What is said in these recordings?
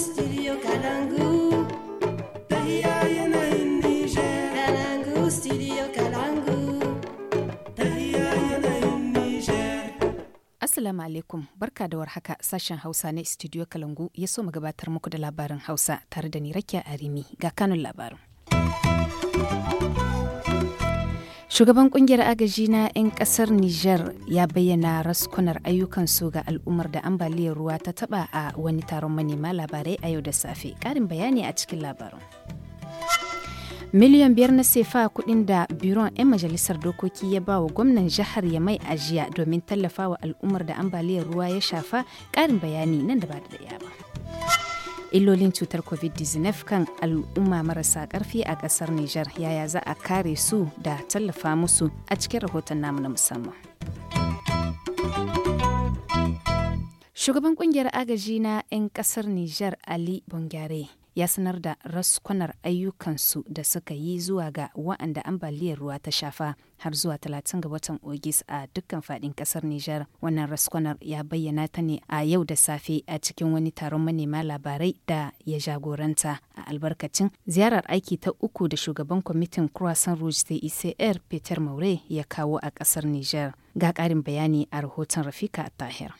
studio Kalangu. Assalamu alaikum barka da warhaka sashen Hausa na studio Kalangu ya so mu gabatar muku da labarin Hausa tare da ni Rakiya Arimi ga kanun labarin. Shugaban kungiyar agaji na 'yan kasar Nijar ya bayyana raskunar ayyukansu ga al'ummar da ambaliyar ruwa ta taba a wani taron manema labarai a yau da safe. Karin bayani a cikin labarin. Miliyan biyar na sefa kuɗin da biron 'yan majalisar dokoki ya ba wa gwamnan jihar ya mai ajiya domin tallafa wa al'ummar da ambaliyar ruwa ya shafa. Karin bayani nan da ba da ba. illolin cutar covid-19 kan al'umma marasa karfi a kasar Nijar yaya za a kare su da tallafa musu a cikin rahoton namu na musamman. Shugaban kungiyar agaji na 'yan kasar Nijar Ali bungare ya sanar da raskunar ayyukansu da suka yi zuwa ga wa'anda ambaliyar ruwa ta shafa har zuwa 30 ga watan Ogis a dukkan fadin kasar Nijar. Wannan raskwanar ya bayyana ta ne a yau da safe a cikin wani taron manema labarai da ya jagoranta a albarkacin ziyarar aiki ta uku da shugaban kwamitin Croissant Rouge da ICR Peter Maure ya kawo a kasar Nijar. Ga ƙarin bayani a rahoton Rafika Tahir.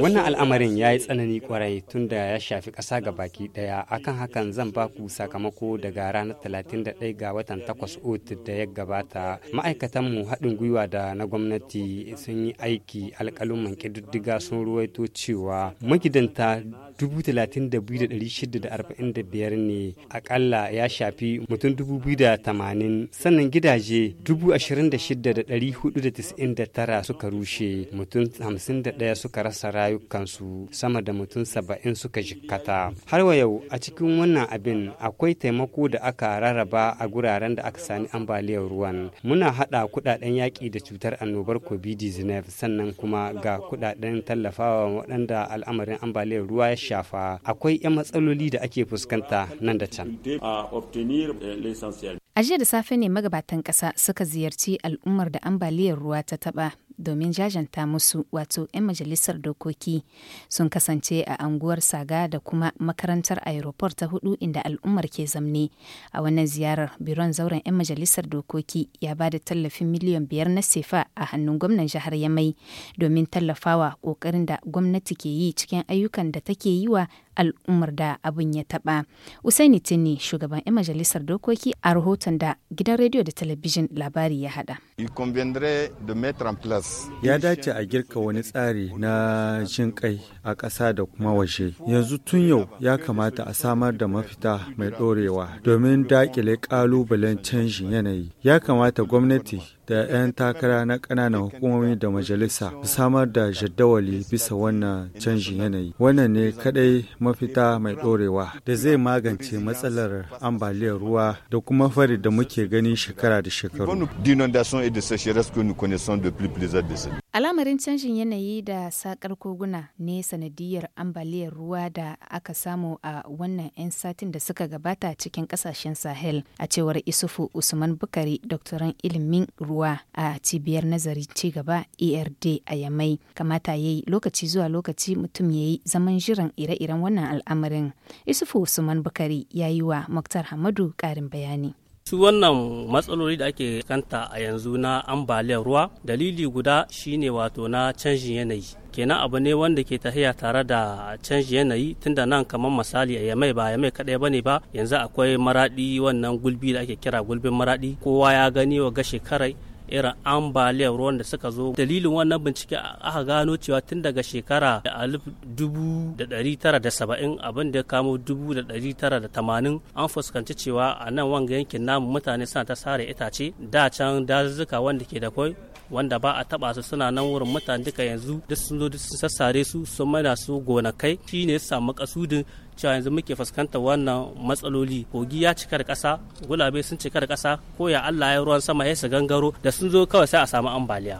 Wannan al'amarin ya yi tsanani kwarai tun da ya shafi ƙasa ga baki ɗaya akan hakan zan baku sakamako daga ranar 31 ga watan 8 da ya gabata ma'aikatanmu haɗin gwiwa da na gwamnati sun yi aiki alƙalin man ƙididdiga sun ruwaito cewa magidanta 32,645 ne akalla ya shafi mutum 2,080 sannan gidaje 26,499 suka rushe mutum 51 suka rasa rayukansu sama da mutum 70 suka jikkata har wa yau a cikin wannan abin akwai taimako da aka rarraba a guraren da aka sani ambaliyar ruwan muna hada kudaden yaki da cutar annobar covid-19 sannan kuma ga kudaden tallafawa waɗanda al'amarin ambaliyar ruwa ya shafa akwai 'yan matsaloli da ake fuskanta nan da can. A jiya da safe ne magabatan ƙasa suka ziyarci al'ummar da ambaliyar ruwa ta taɓa domin jajanta musu wato 'yan majalisar dokoki sun kasance a anguwar saga da kuma makarantar aeroport ta hudu inda al'ummar ke zamne a wannan ziyarar biron zauren 'yan majalisar dokoki ya ba da tallafin miliyan biyar na sefa a hannun gwamnan jihar yamai domin tallafawa kokarin da gwamnati ke yi cikin ayyukan da take yi wa al'ummar da abin ya taɓa. Usaini Tini shugaban 'yan majalisar dokoki a rahoton da gidan rediyo da talabijin labari ya haɗa. Ya dace a girka wani tsari na jin kai a ƙasa da kuma waje. Yanzu tun yau ya kamata a samar da mafita mai ɗorewa domin daƙile ƙalubalen canjin yanayi. Ya kamata gwamnati da 'yan takara na ƙananan hukumomi da majalisa su samar da jadawali bisa wannan canjin yanayi wannan ne kadai mafita mai ɗorewa da zai magance matsalar ambaliyar ruwa da kuma fari da muke gani shekara da shekaru Alamarin canjin yanayi da sakar koguna ne sanadiyar ambaliyar ruwa da aka samu a wannan 'yan satin da suka gabata cikin kasashen Sahel a cewar Isufu Usman Bukari doktoran ilimin ruwa a cibiyar nazari cigaba ERD a Yamai. Kamata ya yi lokaci zuwa lokaci mutum ya yi zaman jiran ire-iren wannan al'amarin. Isufu Usman Bukari ya yi wa Muktar Hamadu ƙarin bayani. su wannan matsaloli da ake kanta a yanzu na ambaliyar ruwa dalili guda shine wato na canjin yanayi kenan abu ne wanda ke tahiya tare da canji yanayi tunda nan kamar misali a yamai ba yamai kadai ne ba yanzu akwai maradi wannan gulbi da ake kira gulbin maradi kowa ya gani wa ga shekarai irin ambaliyar ruwan da suka zo dalilin wannan bincike aka gano cewa tun daga shekara alif dubu da dari tara da saba'in abin da ya kamo dubu da dari tara da tamanin an fuskanci cewa a nan wanga yankin namu mutane suna ta sare itace da can dazuzzuka wanda ke da kwai wanda ba a taba su suna nan wurin mutane duka yanzu duk sun zo duk sun sassare su sun mana su gonakai shine ya samu kasudin cewa yanzu muke fuskantar wannan matsaloli kogi ya cika da ƙasa gulabe sun cika da ƙasa ko ya Allah ya ruwan sama ya su gangaro da sun zo kawai sai a samu ambaliya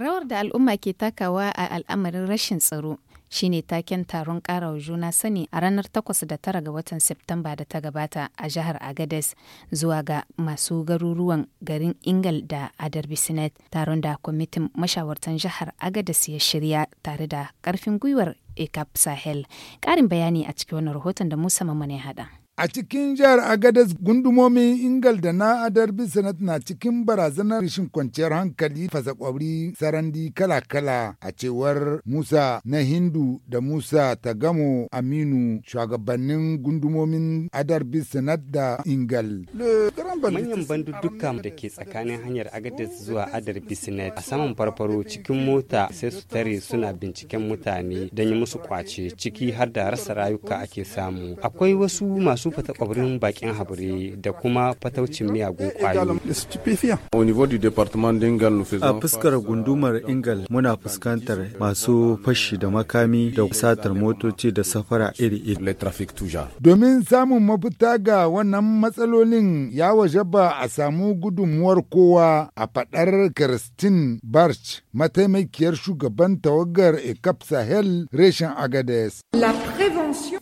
rawar da al'umma ke takawa a al'amarin rashin tsaro shine taken taron karawa juna sani a ranar 8 da 9 ga watan Septamba da ta gabata a jihar Agades zuwa ga masu garuruwan garin Ingal da adarbi senate taron da kwamitin mashawartan jihar Agades ya shirya tare da karfin gwiwar ekap Sahel. Karin bayani a cikin wani rahoton da Musa Mamman ya hada. A cikin jihar agadas gundumomin Ingal da na Adar Bisanat na cikin barazanar rashin kwanciyar hankali fasa kwabri sarandi kala-kala a cewar Musa na Hindu da Musa Tagamo Aminu shugabannin gundumomin Adar Bisanat da Ingal. Manyan bandudduka da ke tsakanin hanyar Agadez zuwa Adar Bisanat a saman farfaro cikin mota sai su tare suna binciken mutane don yi musu kwace ciki har da rasa rayuka ake samu. Akwai wasu masu su fata kwabarin bakin habire da kuma fataucin miyagun kwayoyi. A fuskar gundumar Ingal muna fuskantar masu fashi da makami da satar motoci da safara iri-iri. Domin samun mafita ga wannan matsalolin ya waje ba a samu gudunmuwar kowa a fadar Christine Barch mataimakiyar shugaban tawagar ECAP Sahel reshen Agades.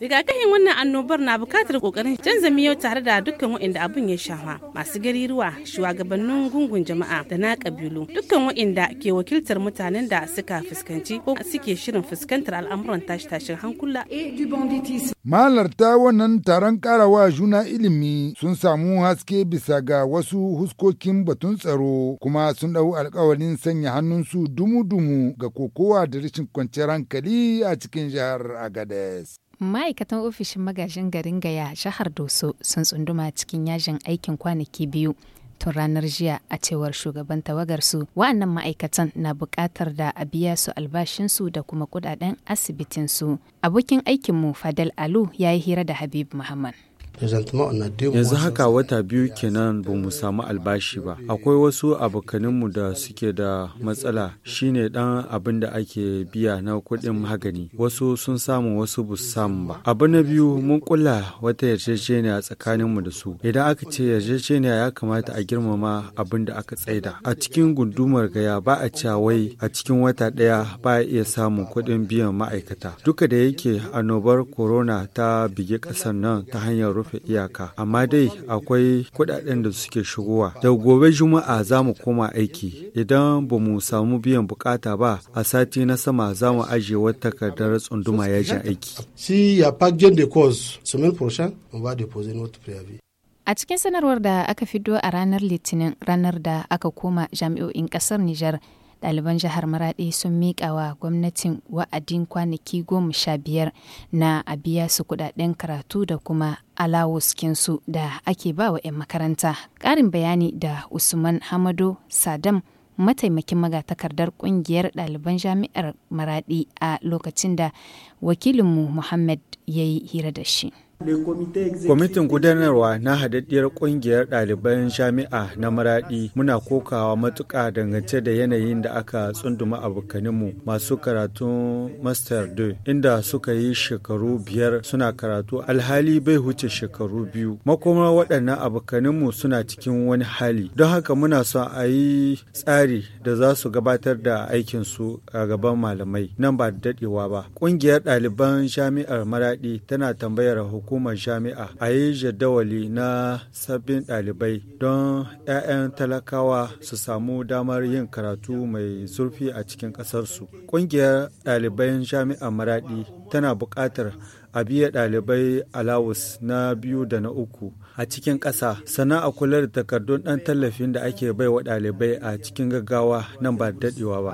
Rigakafin wannan annobar na bukatar kokarin canza miyo tare da dukkan waɗanda abin ya shafa masu gariruwa shugabannin gungun jama'a da na kabilu dukkan waɗanda ke wakiltar mutanen da suka fuskanci ko suke shirin fuskantar al'amuran tashi-tashin hankula. Mahalarta wannan taron karawa juna ilimi sun samu haske bisa ga wasu huskokin batun tsaro kuma sun dau alkawarin sanya hannunsu dumu-dumu ga kokowa da rashin kwanciyar hankali a cikin jihar Agades. ma'aikatan ofishin magajin garin gaya jihar doso sun tsunduma cikin yajin aikin kwanaki biyu tun ranar jiya a cewar shugaban tawagarsu wa'annan ma'aikatan na bukatar da a biya su albashinsu da kuma kudaden asibitinsu abokin aikinmu fadal alu ya yi hira da habib muhammad yanzu haka wata biyu kenan ba mu samu albashi ba akwai wasu abokaninmu da suke da matsala shine dan abin da ake biya na kuɗin magani wasu sun samu wasu bu samu ba abu na biyu mun kula wata yarjejeniya tsakaninmu da su idan aka ce yarjejeniya ya kamata a girmama abin da aka tsaida a cikin gundumar gaya ba a wai a cikin wata ɗaya ba a iya samun kuɗin biyan ma'aikata duka da yake annobar corona ta bige ƙasar nan ta hanyar rufe iyaka amma dai akwai kudaden da suke shigowa da gobe juma'a za mu koma aiki idan ba mu samu biyan bukata ba a sati na sama za mu ajiye wata takardar tsunduma yajin aiki A cikin sanarwar da aka fido a ranar Litinin ranar da aka koma jami'o'in kasar Nijar ɗaliban jihar Maraɗi sun miƙa wa gwamnatin wa'adin kwanaki goma sha biyar na a biya su kuɗaɗen karatu da kuma alawuskinsu da ake ba wa 'yan makaranta. Ƙarin bayani da Usman hamadu Sadam mataimakin magatakardar ƙungiyar ɗaliban jami'ar maraɗi a lokacin da wakilinmu Muhammad ya yi hira da shi. Kwamitin gudanarwa na hadaddiyar ƙungiyar ɗaliban jami'a na Maraɗi muna kokawa matuƙa dangance da yanayin da aka tsunduma abokaninmu masu karatun Master 2 inda suka yi shekaru biyar suna karatu alhali bai huce shekaru biyu. Makoma waɗannan abokaninmu suna cikin wani hali. Don haka muna son a yi tsari da za su gabatar da aikinsu a gaban malamai nan ba da daɗewa ba. Ƙungiyar ɗaliban jami'ar Maraɗi tana tambayar hukumar hukumar jami'a a yi jadawali na sabbin ɗalibai don 'ya'yan talakawa su samu damar yin karatu mai zurfi a cikin ƙasarsu ƙungiyar ɗaliban jami'a maraɗi tana buƙatar a biya ɗalibai alawus na biyu da na uku a cikin ƙasa sana a kula da takardun ɗan tallafin da ake baiwa ɗalibai a cikin gaggawa nan ba daɗewa ba.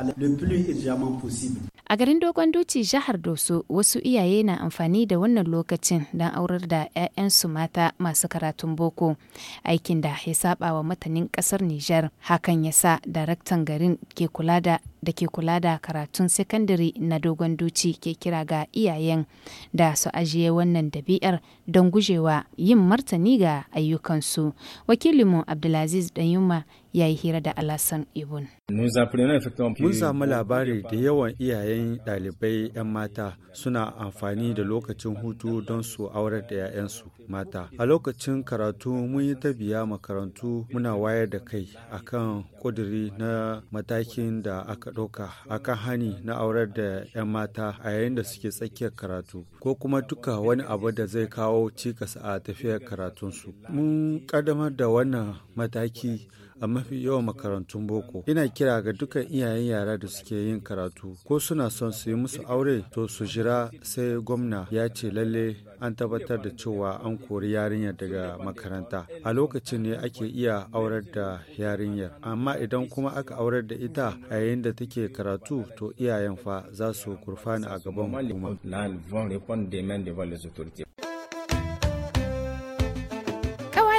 A garin Dogon Doci jihar Doso wasu iyaye na amfani da wannan lokacin don aurar da 'ya'yansu mata masu karatun boko aikin da ya saba wa matanin kasar Nijar hakan ya sa daraktan garin ke kula da da ke kula da karatun sakandare na dogon doci ke kira ga iyayen da su ajiye wannan dabi'ar don gujewa yin martani ga ayyukansu wakilinmu abdulaziz danyuma ya yi hira da alasan ibun mun samu labari da yawan iyayen yayin ɗalibai 'yan mata suna amfani da lokacin hutu don su aurar da 'ya'yansu mata. A lokacin karatu mun yi ta biya makarantu muna wayar da kai akan ƙudiri na matakin da aka ɗauka akan hani na aurar da 'yan mata a yayin da suke tsakiyar karatu ko kuma duka wani abu da zai kawo cikas a tafiyar karatunsu. Mun ƙaddamar da wannan mataki a mafi yawan makarantun boko. Ina kira ga dukkan iyayen yara da suke yin karatu ko suna son su yi musu aure to su jira sai gwamna ya ce lalle an tabbatar da cewa an kori yarinyar daga makaranta a lokacin ne ake iya aurar da yarinyar amma idan kuma aka aurar da ita a yayin da take karatu to iyayen fa za su kurfana a gaban hukuma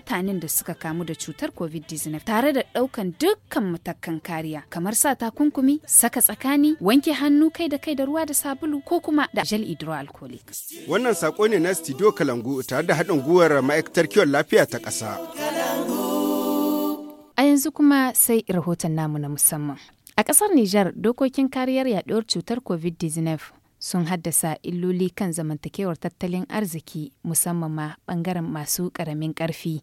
mutanen da suka kamu da cutar covid-19 tare da ɗaukan dukkan matakan kariya kamar sa takunkumi saka tsakani wanke hannu kai da kai da ruwa da sabulu ko kuma da gel hydroalcoholic wannan sako ne na studio kalangu tare da haɗin gwiwar ma'aikatar kiwon lafiya ta ƙasa a yanzu kuma sai rahoton namu na musamman a ƙasar niger dokokin kariyar yaɗuwar cutar covid-19 sun haddasa illoli kan zamantakewar tattalin arziki musamman ma bangaren masu karamin karfi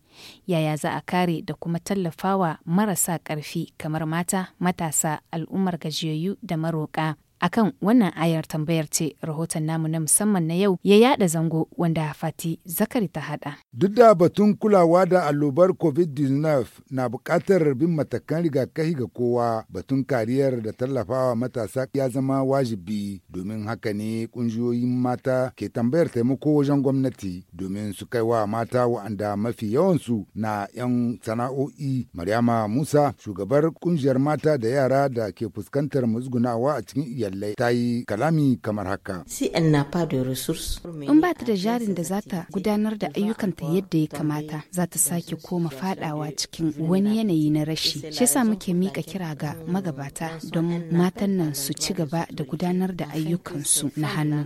yaya za a kare da kuma tallafawa marasa karfi kamar mata matasa al'ummar gajiyayyu da maroka akan wannan ayar tambayar ce rahoton namu na musamman na yau ya yada zango wanda fati zakari ta hada. Duk da batun kulawa da allobar COVID-19 na bukatar bin matakan rigakafi ga kowa batun kariyar da tallafawa matasa ya zama wajibi domin haka ne kungiyoyin mata ke tambayar taimako wajen gwamnati domin su kai wa mata wa'anda mafi yawansu na 'yan sana'o'i. Maryama Musa shugabar kungiyar mata da yara da ke fuskantar musgunawa a cikin iyali Yallai ta yi kalami kamar haka. In ba ta da jarin da za ta gudanar da ayyukanta yadda ya kamata za ta sake koma fadawa cikin wani yanayi na rashi. Shi yasa muke mika kira ga magabata don matan nan su ci gaba da gudanar da ayyukansu na hannu.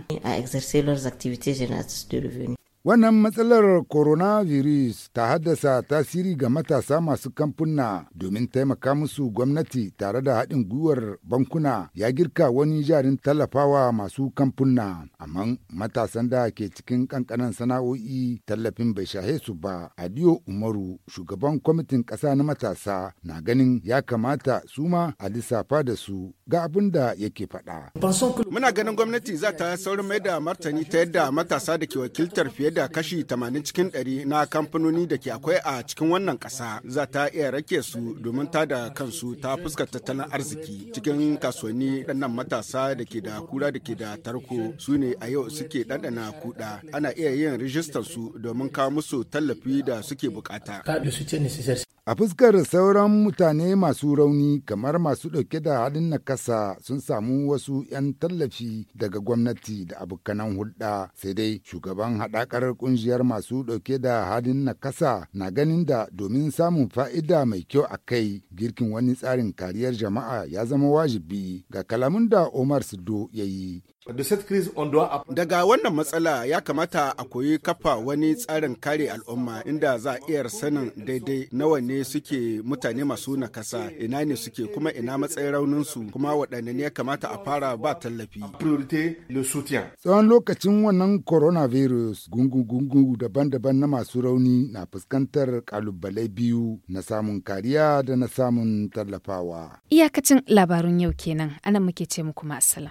Wannan matsalar coronavirus ta haddasa tasiri ga matasa masu kamfuna domin taimaka musu gwamnati tare da haɗin gwiwar bankuna ya girka wani jarin tallafawa masu kamfuna. Amma matasan da ke cikin ƙanƙanan sana'o'i tallafin bai shahe su ba. Adiyo Umaru, shugaban kwamitin ƙasa na matasa, na ganin ya kamata su ma a lissafa da su ga abin da yake faɗa. Muna ganin gwamnati za ta saurin mai da martani ta yadda matasa da ke wakiltar fiye da kashi 80 cikin 100 na kamfanoni da ke akwai a cikin wannan ƙasa za ta iya rake su domin ta da kansu ta fuskar tattalin arziki cikin kasuwanni ɗannan matasa da ke da kura da ke da tarko su ne a yau suke ɗanɗana kuɗa ana iya yin rijistar su domin ka musu tallafi da suke bukata. A fuskar sauran mutane masu rauni kamar masu ɗauke da halin na kasa sun samu wasu 'yan tallafi daga gwamnati da abokanan hulɗa sai dai shugaban haɗakar Babbar kungiyar masu ɗauke da halin nakasa na ganin da domin samun fa'ida mai kyau a kai girkin wani tsarin kariyar jama'a ya zama wajibi ga kalamun da Omar Sido ya yi Daga wannan matsala ya kamata a koyi kafa wani tsarin kare al'umma inda za a iya sanin daidai nawa ne suke mutane masu nakasa, ina ne suke kuma ina matsayin rauninsu kuma waɗanne ne ya kamata a fara ba tallafi. Tsawon lokacin wannan coronavirus gungu-gungu daban-daban na masu rauni na fuskantar kalubale biyu na samun kariya da na samun tallafawa. Iyakacin labarun yau kenan, anan muke ce muku masala